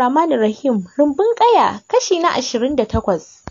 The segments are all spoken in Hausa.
Ramani Rahim rumbun ƙaya kashi na ashirin da takwas.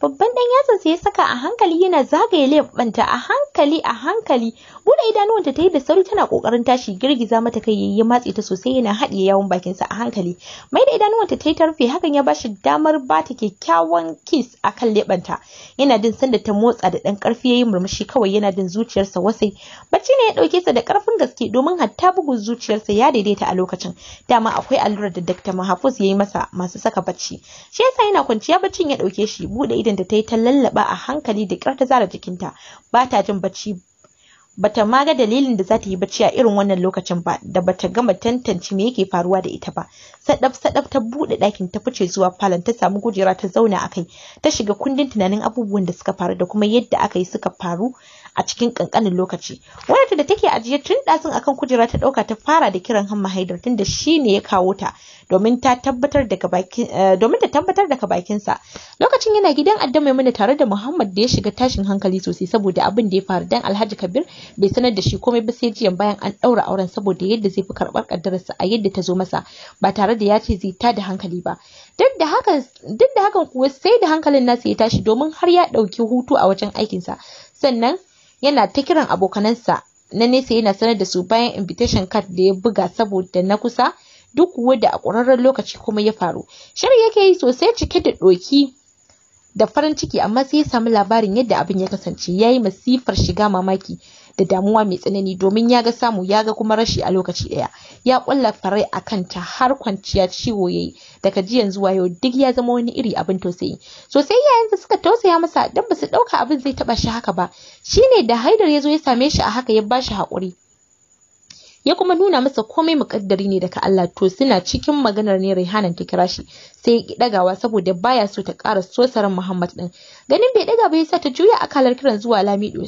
Babban ɗan sa ya saka a hankali yana zagaye ɓanta a hankali a hankali bude idanuwanta ta yi da sauri tana kokarin tashi girgiza mata kai yayi matsi ta sosai yana haɗiye yawon bakin sa a hankali mai da idanuwanta ta yi ta rufe hakan ya bashi damar ba ta kyakkyawan kiss akan lebanta yana jin sanda ta motsa da dan karfi yayi murmushi kawai yana jin zuciyarsa wasai bacci ne ya dauke sa da karfin gaske domin hatta bugun zuciyarsa ya daidaita a lokacin dama akwai allurar da Dr. Mahfuz yayi masa masu saka bacci shi yasa yana kwanciya baccin ya dauke shi bude idan da ta yi ta lallaba a hankali da ƙyar ta zara jikinta ba ta jin bacci bata ma ga dalilin da zata yi bacci a irin wannan lokacin ba da bata gama tantance me yake faruwa da ita ba sadaf sadaf ta bude ɗakin ta fice zuwa falon ta samu gujera ta zauna akai ta shiga kundin tunanin abubuwan da suka faru da kuma yadda aka yi suka faru a cikin kankanin lokaci wani da take ajiye tun ɗazun akan kujera ta ɗauka ta fara da kiran hamma haidar tun da shi ne ya kawo ta domin ta tabbatar daga bakin eh, domin ta tabbatar daga bakinsa lokacin yana gidan adda maimuna tare da muhammad da ya shiga tashin hankali sosai saboda abin da ya faru dan alhaji kabir bai sanar da shi komai ba sai jiyan bayan an ɗaura auren saboda yadda zai fi karɓar kaddararsa a yadda ta zo masa ba tare da ya ce zai ta da hankali ba duk da hakan duk da hakan kuwa sai da hankalin nasa ya tashi domin har ya ɗauki hutu a wajen aikinsa sannan yana ta kiran abokanansa na nesa yana sanar da su bayan invitation card da ya buga saboda na kusa duk wanda a ƙwararren lokaci kuma ya faru shirin yake yi sosai cike da ɗoki da farin ciki amma sai ya samu labarin yadda abin ya kasance ya yi masifar shiga mamaki da damuwa mai tsanani domin ya ga samu ya ga kuma rashi a lokaci ɗaya ya ƙulla farai a kanta har kwanciya ciwo ya yi daga jiyan zuwa yau duk ya zama wani iri abin tausayi sosai yayin da suka tausaya masa don ba su ɗauka abin zai taɓa shi haka ba shine da haidar ya zo ya same shi a haka ya ba shi haƙuri ya kuma nuna masa komai mukaddari ne daga Allah to suna cikin maganar ne Rayhanan ta kira shi sai ya dagawa saboda baya so ta ƙara sosaran Muhammad din ganin bai daga ba yasa ta juya akalar kiran zuwa Lamido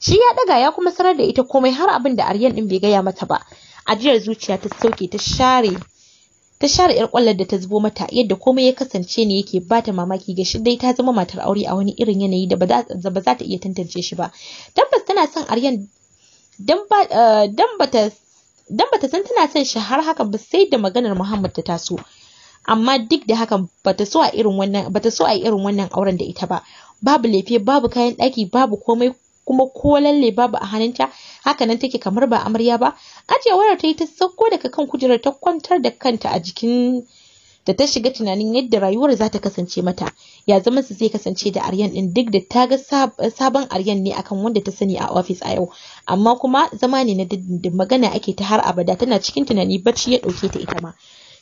shi ya daga ya kuma sanar da ita komai har abin da Aryan din bai gaya mata ba ajiyar zuciya ta sauke ta share ta share yar kwallar da ta zubo mata yadda komai ya kasance ne yake bata mamaki ga shi dai ta zama matar aure a wani irin yanayi da ba za ta iya tantance shi ba tabbas tana son Aryan Eh, dan bata san tana son shi har haka ba sai da maganar Muhammad ta taso amma duk da hakan bata so a irin wannan bata so a irin wannan auren da ita ba babu lefe babu kayan ɗaki babu komai kuma ko lalle babu a hannunta haka nan take kamar ba amarya ba ajiye wayar ta yi ta sauko daga kan kujerar ta kwantar da kanta a jikin da ta shiga tunanin yadda rayuwar za ta kasance mata ya zama su zai kasance da aryan din duk da ta ga sabon aryan ne akan wanda ta sani a ofis a yau amma kuma zama ne na dindindin magana ake ta har abada tana cikin tunani bacci ya dauke ta ita ma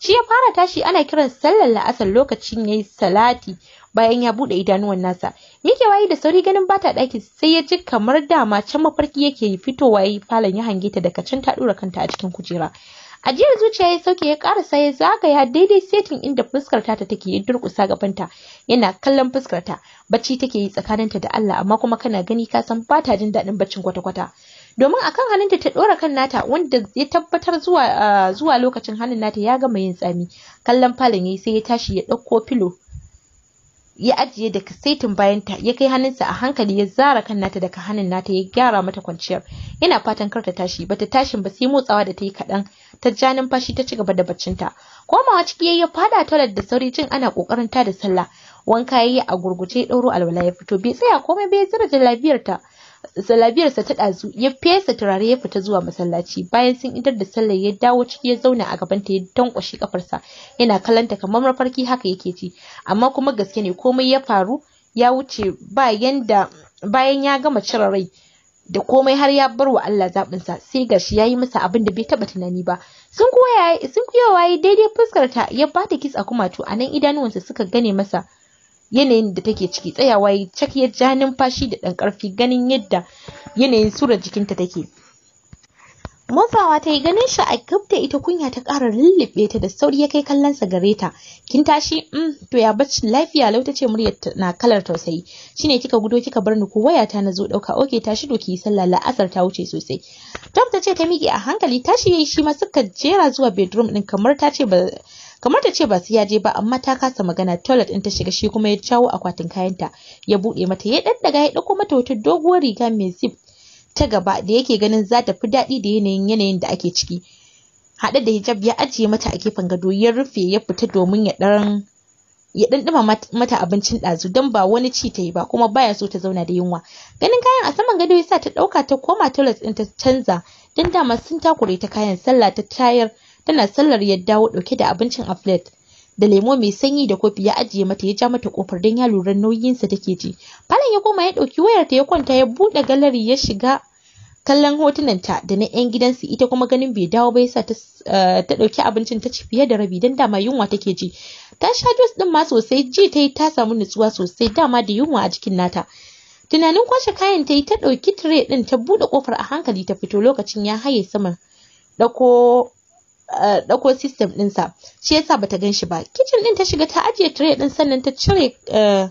shi ya fara tashi ana kiran sallar la'asar lokacin yayi salati bayan ya bude idanuwan nasa yake waye da sauri ganin bata daki sai ya ji kamar dama can mafarki yake fitowa yayi falon ya hange ta daga can ta dura kanta a cikin kujera ajiyar zuciya ya sauke ya karasa ya zagaya daidai setin inda fuskar ta take ya durkusa gabanta yana kallon fuskar ta bacci take yi tsakaninta da Allah amma kuma kana gani ka san ba ta jin daɗin baccin kwata-kwata domin akan hannunta ta ɗora kan nata wanda ya tabbatar zuwa ah, zuwa lokacin hannun nata ya gama yin tsami kallon falon yayi sai ya tashi ya ɗauko filo ya ajiye da kasaitin ta ya kai hannunsa a hankali ya zara kan nata daga hannun nata ya gyara mata kwanciyar yana fatan kar ta tashi bata tashin ba sai motsawa da ta yi kaɗan ta ja numfashi ta ci gaba da baccinta komawa ciki ya fada toilet da sauri jin ana kokarin ta da sallah wanka yayi a gurguje ɗauro alwala ya fito bai tsaya komai bai zira lafiyarta salabiyarsa ta ɗazu ya fesa turare ya fita zuwa masallaci bayan sun idar da sallar ya dawo ciki ya zauna a gaban ta ya tankwashe kafarsa yana kalanta kamar mafarki haka yake ci amma kuma gaske ne komai ya faru ya wuce bayan da bayan ya gama cire rai da komai har ya bar wa Allah sa sai gashi ya yi masa abin da bai taɓa tunani ba sun kuwa sun kuyawa daidai fuskarta ya bata kitsa kumatu a nan idanuwansa suka gane masa yanayin da take ciki tsayawa ya cak ya ja numfashi da ɗan ƙarfi ganin yadda yanayin surar jikinta take motsawa ta yi ganin shi a gab da ita kunya ta ƙara lullube ta da sauri ya kai kallonsa gare ta kin tashi mm, to ya bacci lafiya lau ta ce muryar na kalar tausayi Shi ne kika gudo kika bar ni ko wayata na zo ɗauka oke tashi doki sallah la'asar ta wuce sosai tom ta ce ta miƙe a hankali tashi yayi shi ma suka jera zuwa bedroom ɗin kamar ta ce ba kamar ta ce ba su ya je ba amma ta kasa magana toilet din ta shiga shi kuma ya jawo akwatin kayanta ya buɗe mata ya daga ya ɗauko mata wata doguwar riga mai zip ta gaba da yake ganin za ta fi daɗi da yanayin yanayin da ake ciki haɗe da hijab ya ajiye mata a gefen gado ya rufe ya fita domin ya ɗan ya mata abincin ɗazu don ba wani ci ta yi ba kuma baya so ta zauna da yunwa ganin kayan a saman gado ya sa ta ɗauka ta koma toilet din ta canza don dama sun takure ta kayan sallah ta tayar tana sallar ya dawo dauke da abincin a plate da lemo mai sanyi da kofi ya ajiye mata ya ja mata kofar don ya lura nauyinsa take ji falon ya koma ya ɗauki wayarta ya kwanta ya buɗe gallari ya shiga kallon hotunan ta da na 'yan gidansu ita kuma ganin bai dawo ba yasa eh, ta ɗauki abincin ta ci fiye da rabi dan dama yunwa take ji ta sha juice ɗin ma sosai ji ta ta samu nutsuwa sosai dama da yunwa a jikin nata tunanin kwashe kayan ta yi ta ɗauki tire ɗin ta buɗe kofar a hankali ta fito lokacin ya haye sama ɗauko Eh, ɗauko system din sa, shi yasa bata gan shi ba kitchen din ta shiga ta ajiye tray din sannan ta cire eh,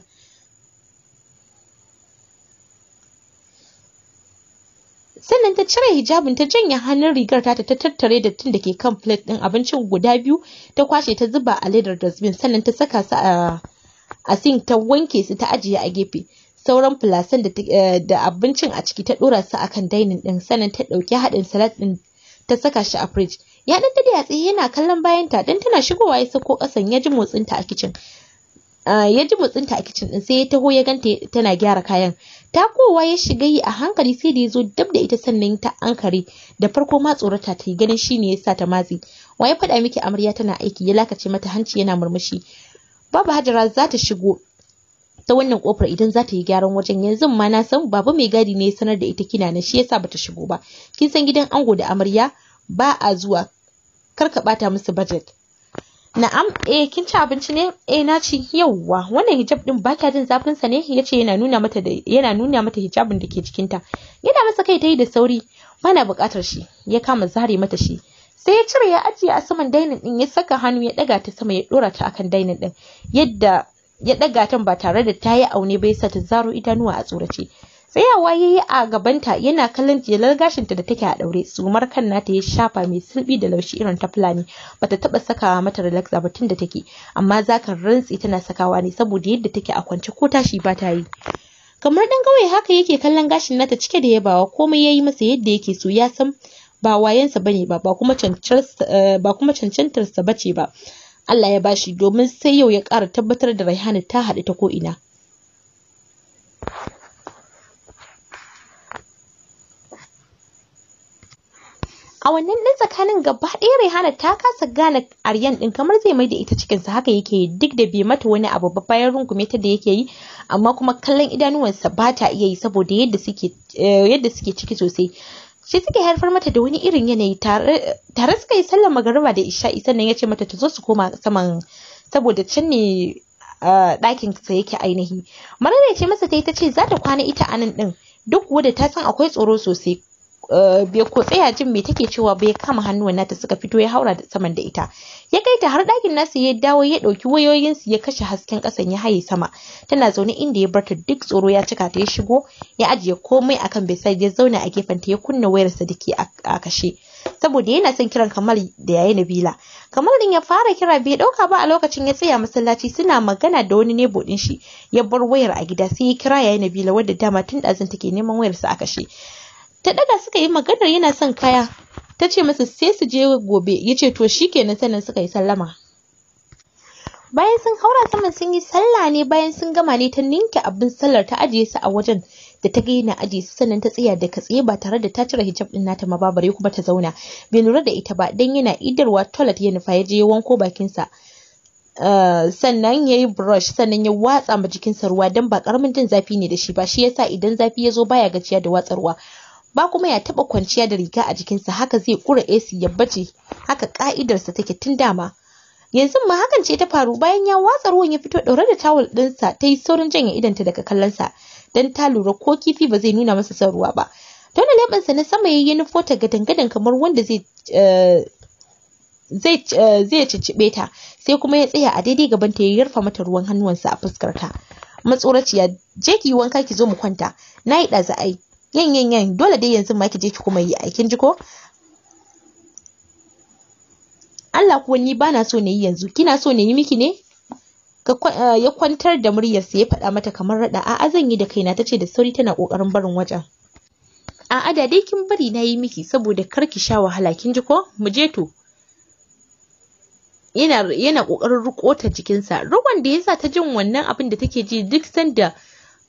sannan ta cire hijabin ta janye hannun rigar ta ta tattare da da ke kan plate din abincin guda biyu ta kwashe ta zuba a ledar dustbin sannan ta saka su a sink ta wanke su ta ajiye a gefe sauran filasan da eh, abincin a ciki ta ɗora su akan dainin din sannan ta ɗauki haɗin salad ɗin ta saka shi a fridge ya dan dade a yana kallon bayan ta dan tana shigowa ya sako kasan ya ji motsin ta a kicin ya ji motsin ta a kicin din sai ya taho ya ganta tana gyara kayan Ta kowa ya shiga yi a hankali sai da ya zo dab da ita sannan ta ankare da farko ma tsorata ta yi ganin shine ya sa ta matsi wa ya faɗa miki amarya tana aiki ya lakace mata hanci yana murmushi babu hajara za ta shigo ta wannan kofar idan za ta yi gyaran wajen yanzu ma na san baba mai gadi ne ya sanar da ita kina na shi yasa bata shigo ba kin san gidan ango da amarya ba a zuwa kar ka bata musu budget na'am eh kin ci abinci ne eh na ci yauwa wannan hijab din baka jin zafin sa ne yace yana nuna mata da yana nuna mata hijabin da ke jikin ta yana masa kai tayi da sauri bana buƙatar shi ya kama zare mata shi sai ya cire ya ajiye a saman dainin ɗin, ya saka hannu ya ɗaga ta sama ya dora ta akan dainin ɗin. yadda ya ɗaga ta ba tare da ta yi aune ba sa ta zaro idanuwa a tsorace tsayawa ya yi a gabanta yana kallon jelar gashinta da take a daure Sumar kan nata ya shafa mai sulbi da laushi irin ta fulani bata taba sakawa mata relaxer ba tun da take amma zakan rantsi tana sakawa ne saboda yadda take a kwance ko tashi ba ta yi kamar dan gawai haka yake kallon gashin nata cike da yabawa komai yayi masa yadda yake so ya san ba wayansa bane ba ba kuma eh, ba kuma cancantarsa bace ba Allah ya bashi domin sai yau ya ƙara tabbatar da Raihana ta haɗu ta ko ina a wannan ɗan tsakanin gaba ɗaya Rehana ta kasa gane Aryan ɗin kamar zai mai da ita cikinsa haka yake yi duk da bai mata wani abu ba bayan rungume ta da yake yi amma kuma kallon idanuwansa ba ta iya yi saboda yadda suke eh, yadda suke ciki sosai shi suke haifar mata da wani irin yanayi tare suka yi sallar magariba da isha'i sannan ya ce mata ta zo su koma saman saboda can ne eh, ɗakin sa yake ainihi marar ce masa ta yi ta ce za ta kwana ita anan ɗin duk wadda ta san akwai tsoro sosai Eh, bai ko tsaya jin me take cewa ba ya kama hannuwan nata suka fito ya haura da saman da ita ya kai ta har ɗakin nasu ya dawo ya ɗauki wayoyinsu ya kashe hasken kasan ya haye sama tana zaune inda ya barta duk tsoro ya cika ta ya shigo ya ajiye komai akan bedside ya zauna a gefen ta ya kunna wayarsa da ke a kashe saboda yana son kiran Kamal da yayi Nabila Kamal din ya fara kira bai dauka ba a lokacin ya tsaya masallaci suna magana da wani nebo din shi ya bar wayar a gida sai ya kira yayi Nabila wadda dama tun ɗazun take neman wayarsa a kashe ta ɗaga suka yi maganar yana son kaya ta ce masa sai su je gobe ya ce to shi kenan sannan suka yi sallama bayan sun haura saman sun yi sallah ne bayan sun gama ne ta ninke abin sallar ta ajiye su a wajen da ta gaina su sannan ta tsaya da katse ba tare da ta cire hijab din nata ma babare kuma ta zauna bai lura da ita ba dan yana idarwa toilet ya nufa ya je ya wanko bakin sa eh, sannan ya yi brush sannan ya watsa ma jikinsa ruwa dan ba karamin jin zafi ne da shi ba shi yasa idan zafi ya zo baya gajiya da watsarwa ba kuma ya taɓa kwanciya da riga a jikinsa haka zai ƙura AC ya baje haka ƙa'idarsa take tun dama yanzu ma hakan ce ta faru bayan ya watsa ruwan ya fito ɗaure da tawul sa ta yi saurin janye idanta daga sa, dan ta lura ko kifi ba zai nuna masa son ruwa ba tauna leɓensa na sama yayi nufo ta gadangadan gadan kamar wanda zai eh, zai eh, zai cicibe ta sai kuma ya tsaya a daidai gaban ta ya yarfa mata ruwan hannuwansa a fuskar ta matsoraciya je ki wanka ki zo mu kwanta nayi yi ɗaza'ai. yan yan yan dole dai yanzu ma kije je ki kuma yi aikin ji ko Allah kuwa ni bana so yi yanzu kina so na yi miki ne eh, ya kwantar da muryarsa ya faɗa mata kamar raɗa a'a zan yi da kaina tace da sauri tana kokarin barin wajen a'a da dai kin bari na yi miki saboda kar ki sha wahala kin ji ko mu je to yana yana ƙoƙarin riko ta jikinsa ruwan da yasa ta jin wannan abin da take ji duk sanda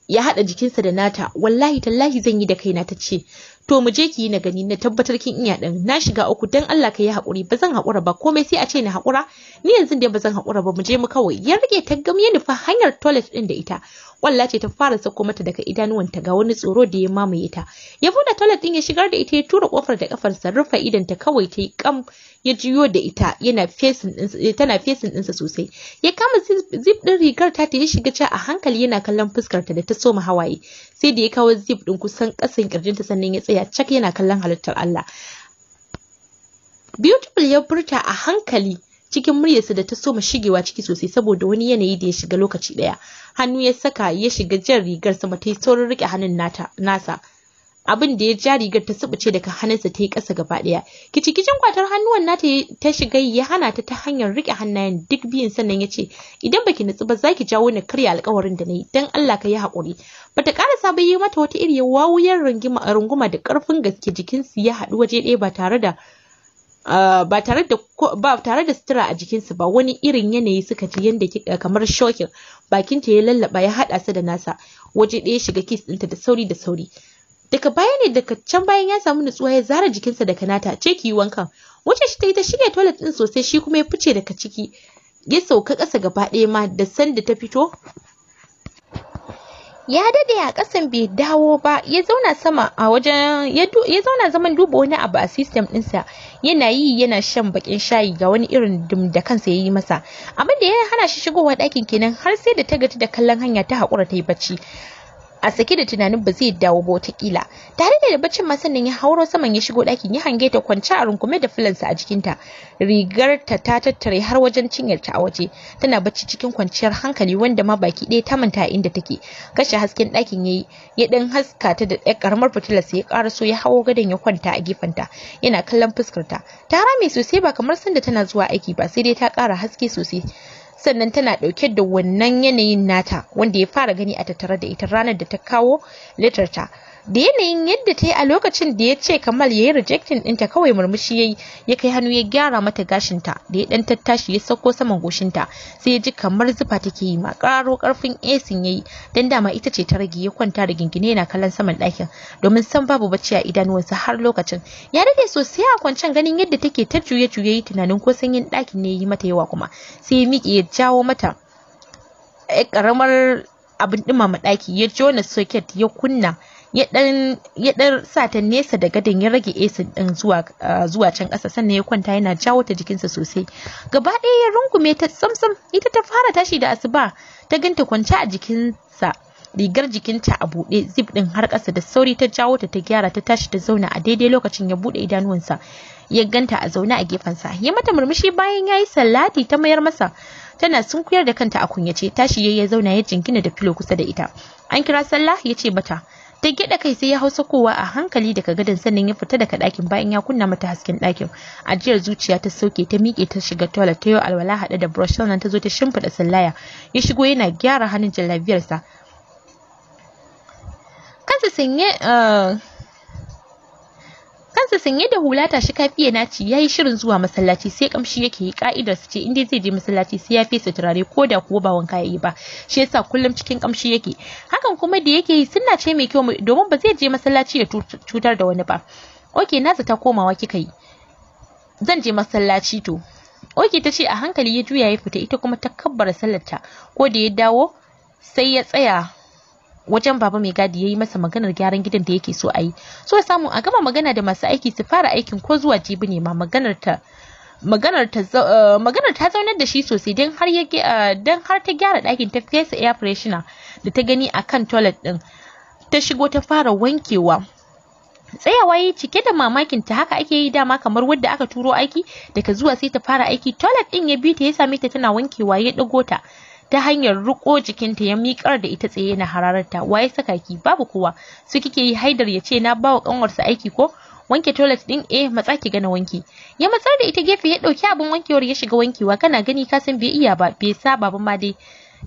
ya haɗa jikinsa da nata wallahi tallahi zan yi da kaina ta ce to mu je ki yi na gani na tabbatar kin iya din na shiga uku dan Allah ka yi hakuri ba zan hakura ba komai sai a ce ni hakura ni yanzu dai ba zan hakura ba mu je mu kawai ya rike ta gam ya nufa hanyar toilet din da ita walla ce ta fara sako mata daga idanuwanta ga wani tsoro da ya mamaye ta ya bude toilet din ya shigar da ita ya tura kofar da kafar sa rufa idan ta kawai ta yi kam ya jiyo da ita yana fesin eh, tana fesin ɗinsa sosai ya kama zip din rigar ta ta ya shiga ca a hankali yana kallon fuskar ta da ta soma hawaye sai da ya kawo zip din kusan ƙasan kirjinta sannan ya tsaye tsaya cak yana kallon halittar Allah beautiful ya furta a hankali cikin muryarsa da ta so soma shigewa ciki sosai saboda wani yanayi da ya shiga lokaci daya hannu ya saka ya shiga jan rigar sama ta yi saurin rike hannun nata nasa abin da ya ja rigar ta subuce daga hannunsa ta yi ƙasa gaba ɗaya kicikicin kwatar hannuwan nata ta shiga ya hana ta ta hanyar rike hannayen duk biyun sannan ya ce idan baki nutsu ba zaki jawo ni karya alƙawarin da na yi dan Allah ka yi haƙuri bata karasa ba yi mata wata iri wawuyar runguma runguma da karfin gaske jikinsu ya haɗu waje ɗaya ba tare da eh, ba tare da ba tare da sutura a jikinsu ba wani irin yanayi suka ji yanda eh, kamar shokin bakinta ya lallaba ya haɗa su da nasa waje ɗaya shiga kis ɗinta da sauri da sauri daga baya ne daga can bayan ya samu nutsuwa ya zara jikinsa daga nata ce ki yi wankan wacce shi ta yi ta shirya toilet ɗin sosai shi kuma ya fice daga ciki ya sauka ƙasa gaba ɗaya ma da sanda ta fito ya dade a ƙasan bai dawo ba ya zauna sama a wajen ya zauna zaman duba wani abu a system dinsa yana yi yana shan baƙin shayi ga wani irin dum da kansa yayi masa abin da ya hana shi shigowa ɗakin kenan har sai da ta gaji da kallon hanya ta haƙura ta yi bacci a sake da tunanin ba zai dawo ba watakila tare da baccin sannan ya hauro saman ya shigo ɗakin ya hange ta kwance a rungume da filansa a jikinta rigar ta ta tattare har wajen cinyar ta a waje tana bacci cikin kwanciyar hankali wanda ma baki ɗaya ta manta inda take kashe hasken ɗakin yayi ya ɗan haska ta da ɗan karamar fitilar sai ya ƙaraso ya hawo gadon ya kwanta a ta yana kallon fuskar ta ta rame sosai ba kamar sanda tana zuwa aiki ba sai dai ta ƙara haske sosai sannan tana ɗauke da wannan yanayin nata wanda ya fara gani a tattare da ita ranar da ta kawo letter ta da yanayin yadda ta yi a lokacin da ya ce kamal ya yi rejectin ɗinta kawai murmushi ya yi ya kai hannu ya gyara mata gashinta da ya ɗan tattashi ya sauko saman goshinta sai ya ji kamar zufa take yi ma ƙaro ƙarfin esin ya yi don dama ita ce ta rage ya kwanta da gingine yana kallon saman ɗakin domin san babu bacci a idanuwansa har lokacin ya daɗe sosai a kwancen ganin yadda take ta juye-juye tunanin ko sanyin ɗakin ne ya yi mata yawa kuma sai ya miƙe ya jawo mata ƙaramar abin ɗumama ɗaki ya jona soket ya kunna ya dan ya sa ta nesa da gadon ya rage AC din zuwa zuwa can ƙasa sannan ya kwanta yana jawo ta jikinsa sosai gaba ɗaya ya rungume ta tsamtsam ita ta fara tashi da asuba ta ganta kwance a jikinsa rigar jikinta a buɗe zip ɗin har ƙasa da sauri ta jawo ta ta gyara ta tashi ta zauna a daidai lokacin ya buɗe idanuwansa ya ganta a zaune a gefensa ya mata murmushi bayan ya yi sallati ta mayar masa tana sunkuyar da kanta a kunyace tashi ya ya zauna ya jingina da filo kusa da ita an kira sallah ya ce mata ta gida kai sai ya hausa kowa a hankali daga gadon sannan ya fita daga ɗakin bayan ya kunna mata hasken ɗakin ajiyar zuciya ta sauke ta miƙe ta shiga toilet ta yi alwala haɗe da brush sannan ta zo ta shimfiɗa sallaya ya shigo yana gyara hannun jallabiyarsa kansa sanye eh, kansa sanye da hula tashi kafiye na ci yayi shirin zuwa masallaci sai kamshi yake yi ka'idar su ce in dai zai je masallaci sai ya fesa turare ko da kuwa ba wanka yi ba shi yasa kullum cikin kamshi yake hakan kuma da yake yi sunna ce mai kyau domin ba zai je masallaci ya cutar da wani ba oke nasa ta komawa kika yi zan je masallaci to oke ta ce a hankali ya juya ya fita ita kuma ta kabbara sallarta ko da ya dawo sai ya tsaya wajen baba mai gadi ya yi masa maganar gyaran gidan da yake so a yi so samu a gama magana da masu aiki su fara aikin ko zuwa jibi ne ma maganar ta maganar ta eh, maganar ta zaunar da shi sosai don har ya eh, don har ta gyara ɗakin ta fesa air freshener da ta gani a kan toilet ɗin ta shigo ta fara wankewa tsayawa yi cike da mamakin ta haka ake yi dama kamar wadda aka turo aiki daga zuwa sai ta fara aiki toilet ɗin ya bi ta ya same ta tana wankewa ya ɗago ta ta hanyar jikin jikinta ya miƙar da ita tsaye yana hararta waye saka ki babu kowa su kike yi haidar ya ce na bawa kanwarsa aiki ko wanke toilet ɗin, eh matsa ki gana wanki ya matsar da ita gefe ya ɗauki abin wankewar ya shiga wankewa kana gani ka san bai iya ba bai saba ba ma dai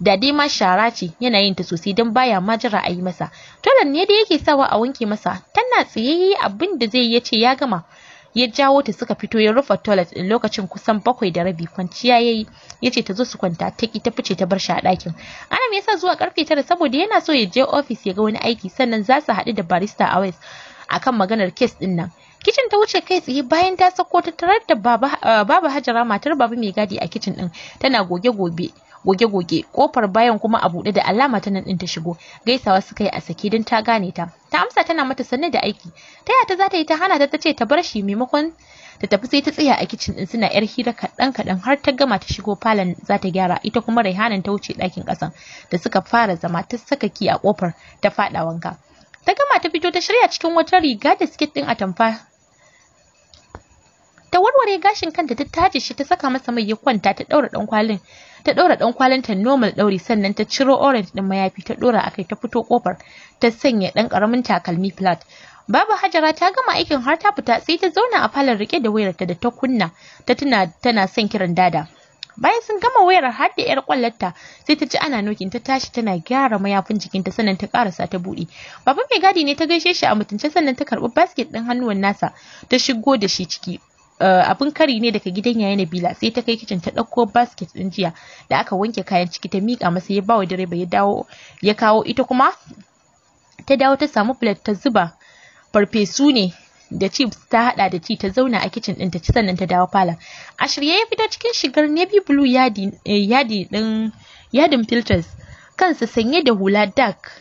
da dai ma shara ce yana yin ta sosai don baya ma jira a yi masa toilet ne dai yake sawa a wanke masa tana tsayayye abin da zai yace ya gama ya jawo ta suka fito ya rufe toilet din lokacin kusan bakwai da rabi kwanciya yayi yace ta zo su kwanta ta ki ta fice ta bar shi a ɗakin Adam ya sa zuwa karfe tara saboda yana so ya je office ya ga wani aiki sannan za su haɗu da barista a West akan maganar case din nan kicin ta wuce kai tsaye bayan ta sako ta tarar da baba, baba hajara matar babu mai gadi a kicin din tana goge gobe goge-goge kofar bayan kuma a buɗe da alama ta nan ɗin ta shigo gaisawa suka yi a sake don ta gane ta ta amsa tana mata sanne da aiki ta ta za ta yi ta hana ta ce ta bar shi maimakon ta tafi sai ta tsaya a kicin din suna yar hira kaɗan kaɗan har ta gama ta shigo falon za ta gyara ita kuma raihanan ta wuce ɗakin ƙasan da suka fara zama ta saka ki a ƙofar ta faɗa wanka ta gama ta fito ta shirya cikin wata riga da siket ɗin atamfa ta warware gashin kanta ta taje shi ta saka masa mai ya kwanta ta ɗaura ɗankwalin ta ɗaura ɗan ta normal ɗauri sannan ta ciro orange ɗin mayafi ta ɗora akai ta fito kofar ta sanya ɗan ƙaramin takalmi flat Babu Hajara ta gama aikin har ta fita sai ta zauna a falon rike da wayarta da ta kunna ta tuna tana son kiran dada. Bayan sun gama wayar har da yar kwallarta sai ta ji ana nokin ta tashi tana gyara mayafin jikinta sannan ta karasa ta buɗe. Baba mai gadi ne ta gaishe shi a mutunce sannan ta karbi basket ɗin hannuwan nasa ta shigo da shi ciki. Eh, abin kari ne daga gidan yaya Nabila sai ta kai kicin ta ɗauko basket ɗin jiya da aka wanke kayan ciki ta miƙa masa ya bawa direba ya dawo ya kawo ita kuma ta dawo ta samu plate ta zuba farfesu ne da chips ta hada da ci ta zauna a kicin ɗin ta ci sannan ta dawo falon a shirye ya fita cikin shigar navy blue yadi eh, yadi din yadin filters kansa sanye da hula dark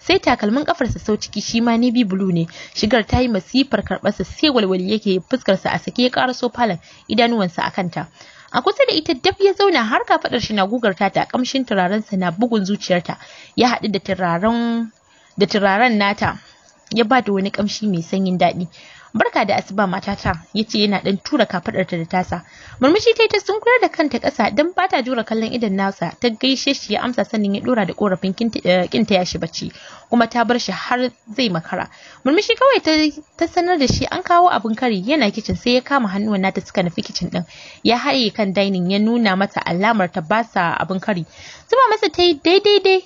sai takalmin kafarsa sau ciki shi ma navy blue ne shigar ta yi masifar karɓarsa sai walwali yake fuskarsa a sake ya ƙara falon idanuwansa a kanta a kusa da ita daf ya zauna har kafaɗar shi na gugar ta a kamshin turarensa na bugun zuciyarta ya haɗu da turaren da turaren nata ya ba da wani ƙamshi mai sanyin daɗi barka da asuba matata yace yana dan tura kafadarta da tasa murmushi ta ta sunkuyar da kanta kasa dan bata jura kallon idan nasa ta gaishe shi ya amsa sannan ya dora da korafin kinta eh, ya shi bacci kuma ta bar shi har zai makara murmushi kawai ta ta sanar da shi an kawo abin kari yana kicin sai ya kama hannuwan nata suka nufi kicin din ya haye kan dining ya nuna mata alamar ta basa abin kari zuba masa ta yi daidai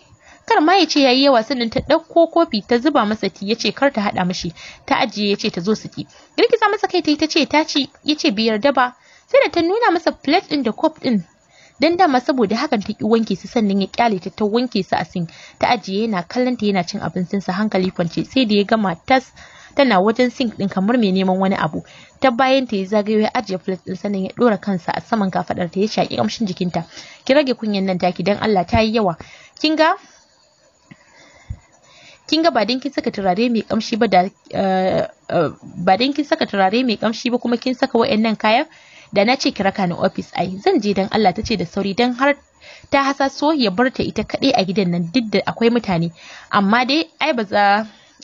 kar ma ya ce yayi yawa sannan ta ɗauko kofi ta zuba masa ti ya ce kar ta haɗa mishi ta ajiye ya ce ta zo su ki girgiza masa kai ta yi ta ce ta ci ya ce biyar yarda sai da ta nuna masa plate ɗin da kof ɗin dan dama saboda hakan ta ki wanke su sannan ya kyale ta ta wanke su a sink, ta ajiye yana kallon ta yana cin abincin sa hankali kwance sai da ya gama tas tana wajen sink ɗin kamar mai neman wani abu ta bayan ta ya zagayo ya ajiye plate din sannan ya dora kansa a saman kafadar ta ya shaki kamshin jikinta ki rage kunyan nan taki dan Allah ta yi yawa kin ga kin ga ba dan kin saka turare mai kamshi ba da eh, eh, ba dan kin saka turare mai kamshi ba kuma kin saka wayannan kayan da na ce ki raka ni office ai zan je dan Allah Ta ce da sauri dan har ta hasaso ya barta ita kadai a gidan nan duk da akwai mutane amma dai ai ba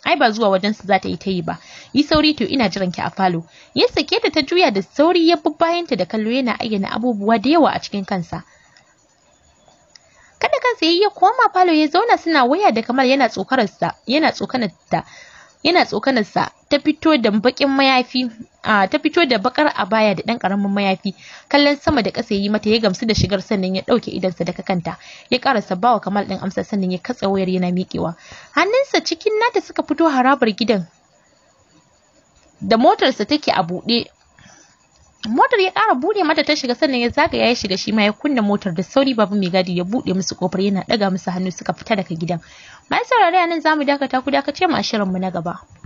ai ba zuwa wajen su za ta yi ta yi ba yi sauri to ina jiran ki a falo ya sake ta ta juya da sauri ya bi bayanta da kallo yana ayyana abubuwa da yawa a cikin kansa kan tsaye ya koma falo ya zauna suna waya da Kamal yana tsokararsa yana tsokanarta yana tsokanarsa ta fito da bakin mayafi ta fito da bakar ƙaramin da dan karamin mayafi kallon sama da kasa yi mata ya gamsu da shigar sannan ya dauke idansa daga kanta ya karasa bawa Kamal din amsa sannan ya katsa wayar yana mikewa hannunsa cikin nata suka fito harabar gidan da motarsa take a buɗe motar ya ƙara bude mata ta shiga sannan ya zagaya ya shiga shi ma ya kunna motar da sauri babu mai gadi ya bude musu kofar yana daga musu hannu suka fita daga gidan mai saurare nan zamu dakata ku dakace mu a shirin mu na gaba